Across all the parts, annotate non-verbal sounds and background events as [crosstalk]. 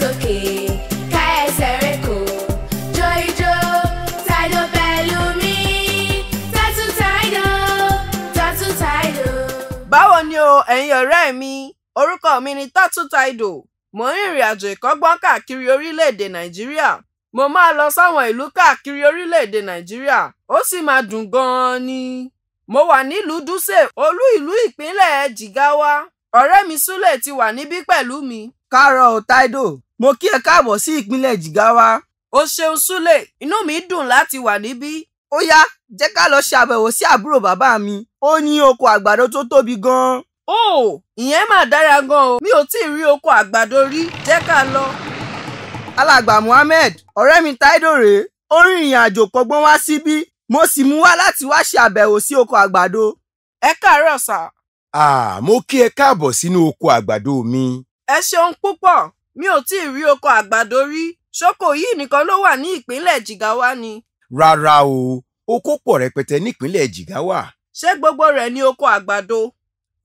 sókè ká ẹsẹ̀ rẹ̀ kò jó ijó tàìdó pẹ̀lú mi tàtú tàìdó tàtú tàìdó. báwo ni o ẹ̀yin ọ̀rẹ́ mi orúkọ mi ni tàtú tàìdó mo ń rìnrìn àjò ìkọ́gbọ́n káàkiri orílẹ̀-èdè nàìjíríà mo máa lọ sáwọn ìlú káàkiri orílẹ̀-èdè nàìjíríà ó sì máa dùn gan-an ni. mo wà nílùú dúsè olú ìlú ìpínlẹ̀ jigawa ọ̀rẹ́ mi súlẹ̀ ti wà níbí pẹ̀lú mi. kárọ̀ ò mo kí ẹ káàbọ̀ sí ìpínlẹ̀ Jigawa. o ṣeun Súlè inú mi dùn láti wà níbí. ó yá jẹ́ ká lọ ṣe àbẹ̀wò sí àbúrò bàbá mi ó ní oko àgbàdo tó tóbi gan-an. ó ìyẹn mà dára gan o mi ò tí ì rí oko àgbàdo rí jẹ́ ká lọ. alàgbà Muhammed ọ̀rẹ́ mi Táídò rèé ó rìn ìrìn àjò kọ́gbọ́n wá síbí mo sì mú wá láti wá ṣe àbẹ̀wò sí oko àgbàdo. ẹ káàárọ̀ sà. mo kí ẹ káàbọ̀ sínú oko àgbàdo mi. ẹ ṣeun púpọ̀ mi ò tí ì rí oko àgbàdo rí ṣókò yìí nìkan ló wà ní ìpínlẹ̀ Jigawa ni. rárá o oko pọ̀ rẹpẹtẹ nípínlẹ̀ Jigawa. ṣé gbogbo rẹ̀ ní oko àgbàdo.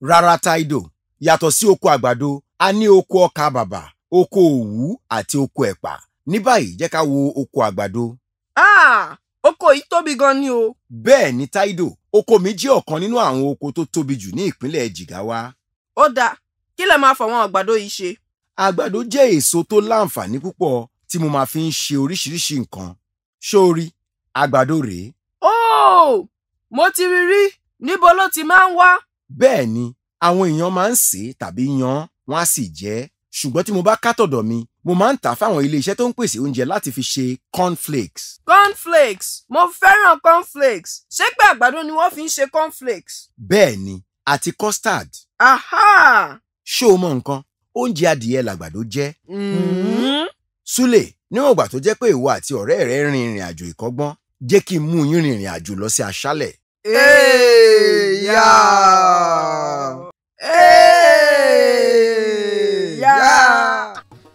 rárá Taido yàtọ̀ sí oko àgbàdo a ní oko ọkà bàbà oko òwú àti oko ẹ̀pà ní báyìí jẹ́ ká wo oko àgbàdo. Ah, oko yìí tóbi gan ni o. bẹ́ẹ̀ ni Taido oko mi jẹ́ ọ̀kan nínú àwọn oko tó tóbi jù ní ìpínlẹ̀ Jigawa. ó dáa kí lẹ máa fọwọn àgbàdo yìí ṣe àgbàdo jẹ́ èso tó láǹfààní púpọ̀ tí mo máa fi ń ṣe oríṣiríṣi nǹkan ṣóorí àgbàdo rèé. ó mo ti rí rí níbo ló ti máa ń wá. bẹ́ẹ̀ ni àwọn èèyàn máa ń sè é tàbí yan wọ́n á sì jẹ ẹ́ ṣùgbọ́n tí mo bá ká tọ̀dọ̀ mi mo máa ń tà fáwọn iléeṣẹ́ tó ń pèsè oúnjẹ láti fi ṣe cornflakes. cornflakes mo fẹ́ràn cornflakes ṣé pé àgbàdo ni wọ́n fi ń ṣe cornflakes. bẹ́ẹ̀ ni àti custard. aha. ṣó o mọ nǹkan oúnjẹ adìyẹ làgbàdo jẹ́. Mm-hmm. Súlè níwọ̀n ìgbà tó jẹ́ pé ìwọ àti ọ̀rẹ́ rẹ rin ìrìn àjò ìkọ́gbọ́n jẹ́ kí n mú yín rin ìrìn àjò lọ sí aṣálẹ̀.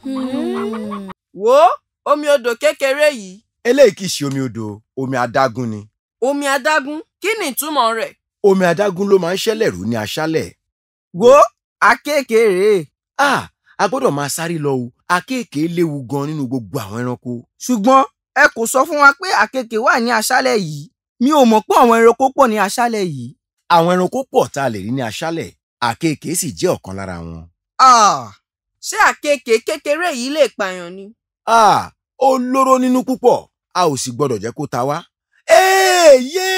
Hmm. wo omi odò kékeré yìí. eléyìí kì í ṣe omi odò omi adágún ni. omi adágún kí ni ìtumọ̀ rẹ̀. omi adágún ló máa ń ṣẹlẹ̀ rú ní aṣálẹ̀. wo akékeré ah a gbọ́dọ̀ máa sáré lọ o àkekèé léwu gan nínú gbogbo àwọn ẹranko. ṣùgbọ́n ẹ kò sọ fún wa pé àkekèé wà ní aṣálẹ̀ yìí mi ò mọ̀ pé àwọn ẹranko pọ̀ ní aṣálẹ̀ yìí. àwọn ẹranko pọ̀ tá a lè rí ní aṣálẹ̀ àkekèé sì jẹ́ ọ̀kan lára wọn. ah ṣé àkekèé kékeré yìí lè pààyàn ni. ah ó lóró nínú púpọ̀ a ò sì gbọ́dọ̀ jẹ́ kó ta wá. ẹ́ẹ̀ yé.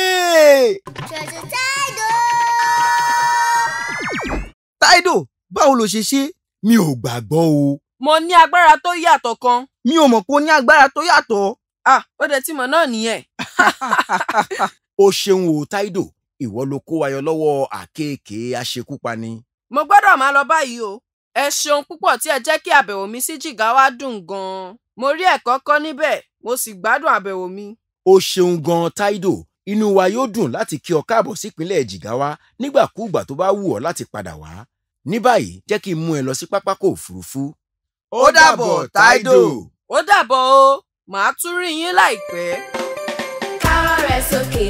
báwo ló ṣe ṣe mi ò gbàgbọ́ o. mo ní agbára tó yàtọ̀ kan. mi ò mọ̀ pé o ní agbára tó yàtọ̀. ah ó dẹ̀ tí mo náà nìyẹn. [laughs] o ṣeun o Táídò ìwọ ló kó wayọ lọ́wọ́ àkekèé aṣekúpani. mo gbọ́dọ̀ máa lọ báyìí o ẹ ṣeun púpọ̀ tí ẹ jẹ́ kí àbẹ̀wò mi sí Jìgáwá dùn gan-an mo rí ẹ̀kọ́ kọ́ níbẹ̀ mo sì gbádùn àbẹ̀wò mi. o ṣeun gan-an Táídò inú wa yóò dùn láti kí ọ káàbọ̀ sípínlẹ̀ Jìgáwá nígbàkúùgbà tó bá wù ọ́ láti padà wá ní báyìí jẹ́ kí n mú ẹ lọ sí pápákọ̀ òfurufú. ó dàbọ̀ táìdò. ó dàbọ̀ o màá tún rí yín láìpẹ́. ká rọrẹ sókè.